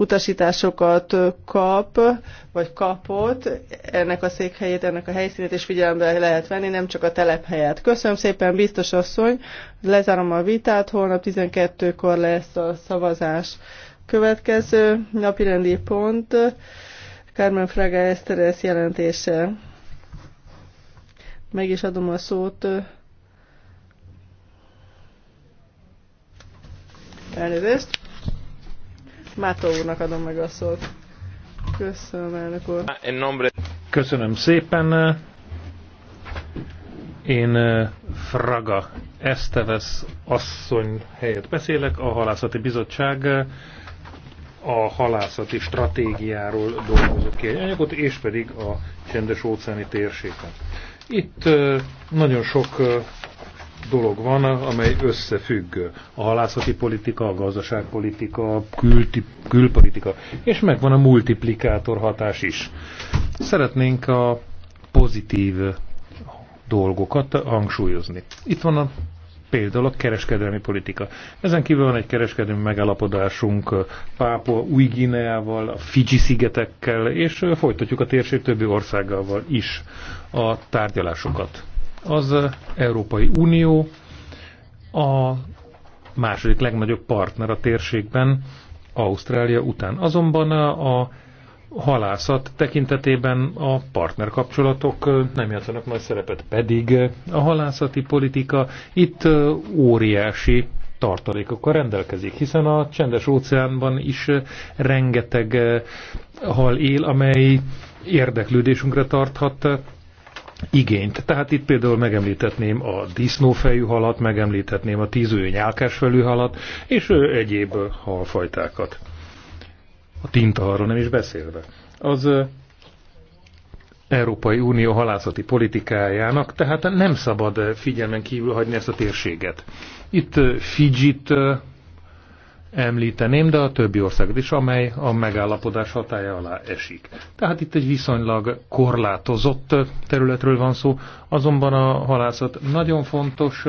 utasításokat kap, vagy kapott, ennek a székhelyét, ennek a helyszínét is figyelembe lehet venni, nem csak a telephelyet. Köszönöm szépen, biztos asszony, lezárom a vitát, holnap 12-kor lesz a szavazás. Következő napirendi pont, Carmen Fraga Eszteres jelentése. Meg is adom a szót. Elnézést. Mátó úrnak adom meg a szót. Köszönöm, elnök úr. Köszönöm szépen. Én eh, Fraga Esztevesz asszony helyett beszélek, a Halászati Bizottság eh, a halászati stratégiáról dolgozott ki egy anyagot, és pedig a csendes óceáni térségben. Itt eh, nagyon sok dolog van, amely összefügg a halászati politika, a gazdaságpolitika, a külti, külpolitika, és megvan a multiplikátor hatás is. Szeretnénk a pozitív dolgokat hangsúlyozni. Itt van a például a kereskedelmi politika. Ezen kívül van egy kereskedelmi megállapodásunk Pápua új Gineával, a Fidzsi szigetekkel, és folytatjuk a térség többi országával is a tárgyalásokat. Az Európai Unió a második legnagyobb partner a térségben, Ausztrália után. Azonban a halászat tekintetében a partnerkapcsolatok nem játszanak nagy szerepet, pedig a halászati politika itt óriási tartalékokkal rendelkezik, hiszen a csendes óceánban is rengeteg hal él, amely érdeklődésünkre tarthat igényt. Tehát itt például megemlíthetném a disznófejű halat, megemlíthetném a tíző nyálkásfelű halat, és egyéb halfajtákat. A tintaharról nem is beszélve. Az Európai Unió halászati politikájának, tehát nem szabad figyelmen kívül hagyni ezt a térséget. Itt Fidzsit említeném, de a többi országot is, amely a megállapodás hatája alá esik. Tehát itt egy viszonylag korlátozott területről van szó, azonban a halászat nagyon fontos,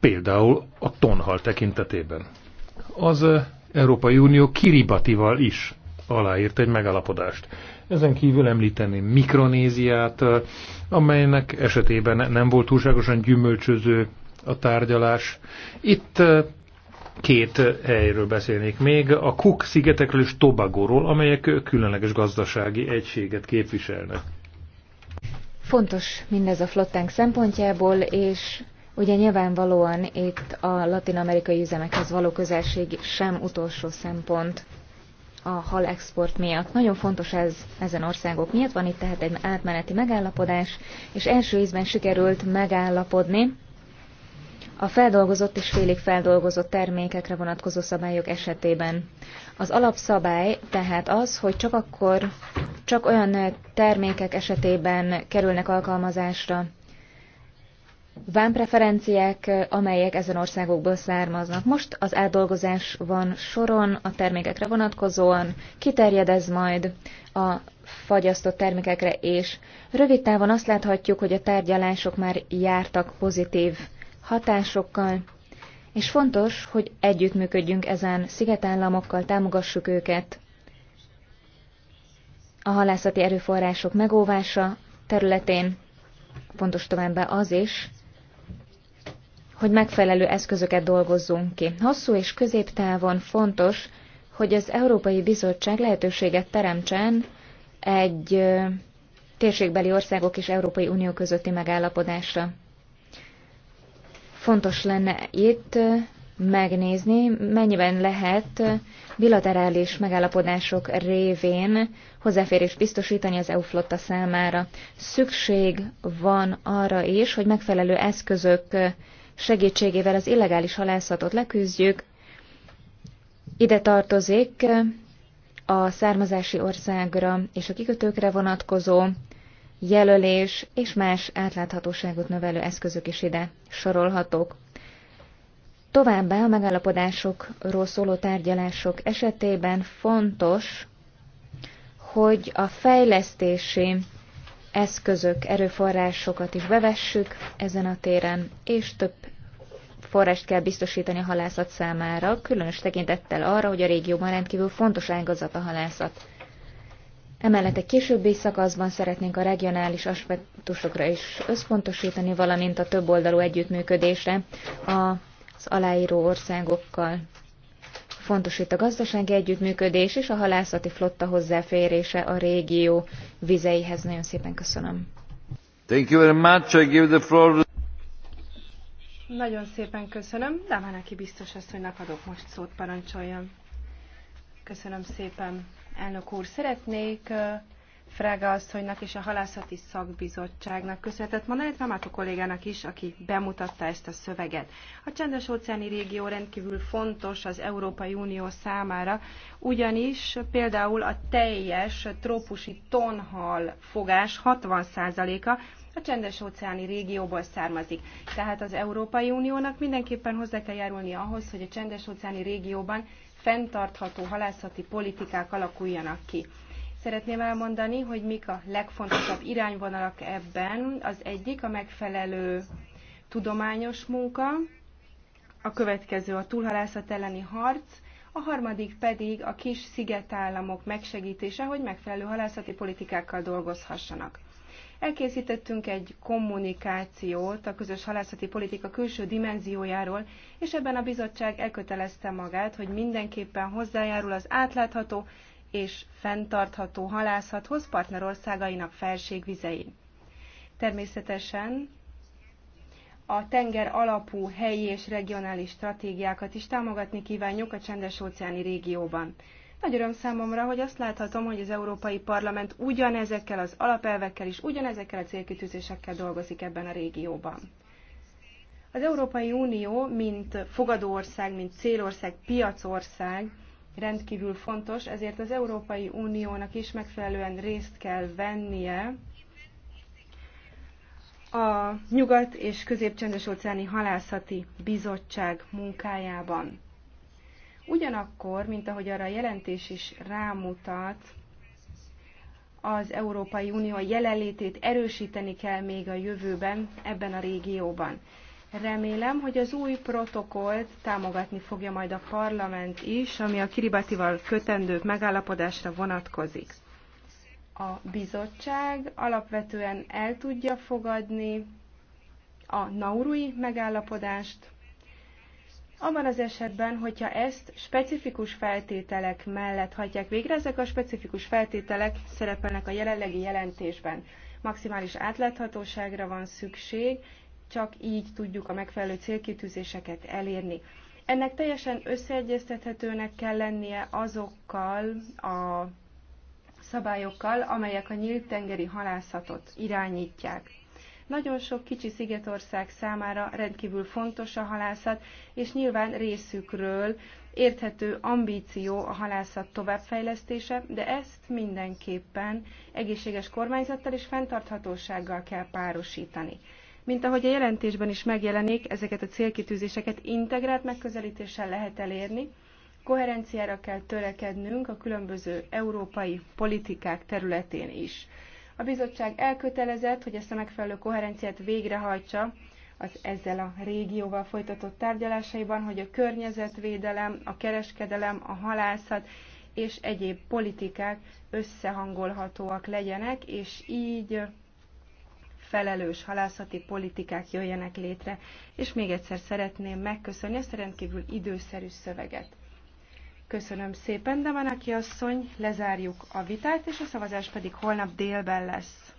például a tonhal tekintetében. Az Európai Unió Kiribatival is aláírt egy megállapodást. Ezen kívül említeném Mikronéziát, amelynek esetében nem volt túlságosan gyümölcsöző a tárgyalás. Itt Két helyről beszélnék még, a Cook-szigetekről és Tobagóról, amelyek különleges gazdasági egységet képviselnek. Fontos mindez a flottánk szempontjából, és ugye nyilvánvalóan itt a latin-amerikai üzemekhez való közelség sem utolsó szempont a hal export miatt. Nagyon fontos ez ezen országok miatt, van itt tehát egy átmeneti megállapodás, és első ízben sikerült megállapodni a feldolgozott és félig feldolgozott termékekre vonatkozó szabályok esetében. Az alapszabály tehát az, hogy csak akkor, csak olyan termékek esetében kerülnek alkalmazásra vámpreferenciák, amelyek ezen országokból származnak. Most az átdolgozás van soron a termékekre vonatkozóan, kiterjed ez majd a fagyasztott termékekre, és rövid távon azt láthatjuk, hogy a tárgyalások már jártak pozitív hatásokkal, és fontos, hogy együttműködjünk ezen szigetállamokkal, támogassuk őket. A halászati erőforrások megóvása területén fontos továbbá az is, hogy megfelelő eszközöket dolgozzunk ki. Hosszú és középtávon fontos, hogy az Európai Bizottság lehetőséget teremtsen egy térségbeli országok és Európai Unió közötti megállapodásra. Fontos lenne itt megnézni, mennyiben lehet bilaterális megállapodások révén hozzáférés biztosítani az EU flotta számára. Szükség van arra is, hogy megfelelő eszközök segítségével az illegális halászatot leküzdjük. Ide tartozik a származási országra és a kikötőkre vonatkozó jelölés és más átláthatóságot növelő eszközök is ide sorolhatók. Továbbá a megállapodásokról szóló tárgyalások esetében fontos, hogy a fejlesztési eszközök, erőforrásokat is bevessük ezen a téren, és több forrást kell biztosítani a halászat számára, különös tekintettel arra, hogy a régióban rendkívül fontos ágazat a halászat. Emellett egy későbbi szakaszban szeretnénk a regionális aspektusokra is összpontosítani, valamint a többoldalú együttműködésre az aláíró országokkal. Fontos itt a gazdasági együttműködés és a halászati flotta hozzáférése a régió vizeihez. Nagyon szépen köszönöm. Thank you very much. I give the floor... Nagyon szépen köszönöm. Damanaki biztos asszonynak adok most szót, parancsoljon. Köszönöm szépen, elnök úr. Szeretnék Frága asszonynak és a halászati szakbizottságnak köszönetet, mondani, illetve a kollégának is, aki bemutatta ezt a szöveget. A csendes óceáni régió rendkívül fontos az Európai Unió számára, ugyanis például a teljes trópusi tonhal fogás 60%-a a csendes óceáni régióból származik. Tehát az Európai Uniónak mindenképpen hozzá kell járulni ahhoz, hogy a csendes óceáni régióban fenntartható halászati politikák alakuljanak ki. Szeretném elmondani, hogy mik a legfontosabb irányvonalak ebben. Az egyik a megfelelő tudományos munka, a következő a túlhalászat elleni harc, a harmadik pedig a kis szigetállamok megsegítése, hogy megfelelő halászati politikákkal dolgozhassanak. Elkészítettünk egy kommunikációt a közös halászati politika külső dimenziójáról, és ebben a bizottság elkötelezte magát, hogy mindenképpen hozzájárul az átlátható és fenntartható halászathoz partnerországainak felségvizein. Természetesen a tenger alapú helyi és regionális stratégiákat is támogatni kívánjuk a csendes óceáni régióban. Nagy öröm számomra, hogy azt láthatom, hogy az Európai Parlament ugyanezekkel az alapelvekkel és ugyanezekkel a célkitűzésekkel dolgozik ebben a régióban. Az Európai Unió, mint fogadóország, mint célország, piacország rendkívül fontos, ezért az Európai Uniónak is megfelelően részt kell vennie a Nyugat- és közép csendes óceáni Halászati Bizottság munkájában. Ugyanakkor, mint ahogy arra a jelentés is rámutat, az Európai Unió jelenlétét erősíteni kell még a jövőben ebben a régióban. Remélem, hogy az új protokollt támogatni fogja majd a parlament is, ami a Kiribatival kötendő megállapodásra vonatkozik. A bizottság alapvetően el tudja fogadni a naurui megállapodást, abban az esetben, hogyha ezt specifikus feltételek mellett hagyják végre, ezek a specifikus feltételek szerepelnek a jelenlegi jelentésben. Maximális átláthatóságra van szükség, csak így tudjuk a megfelelő célkitűzéseket elérni. Ennek teljesen összeegyeztethetőnek kell lennie azokkal a szabályokkal, amelyek a nyílt tengeri halászatot irányítják. Nagyon sok kicsi szigetország számára rendkívül fontos a halászat, és nyilván részükről érthető ambíció a halászat továbbfejlesztése, de ezt mindenképpen egészséges kormányzattal és fenntarthatósággal kell párosítani. Mint ahogy a jelentésben is megjelenik, ezeket a célkitűzéseket integrált megközelítéssel lehet elérni, koherenciára kell törekednünk a különböző európai politikák területén is. A bizottság elkötelezett, hogy ezt a megfelelő koherenciát végrehajtsa az ezzel a régióval folytatott tárgyalásaiban, hogy a környezetvédelem, a kereskedelem, a halászat és egyéb politikák összehangolhatóak legyenek, és így felelős halászati politikák jöjjenek létre. És még egyszer szeretném megköszönni ezt a rendkívül időszerű szöveget. Köszönöm szépen, de Manaki asszony, lezárjuk a vitát, és a szavazás pedig holnap délben lesz.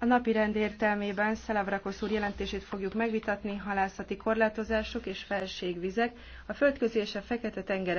A napi rend értelmében Szalavrakosz úr jelentését fogjuk megvitatni, halászati korlátozások és felségvizek, a földközi és a fekete tengere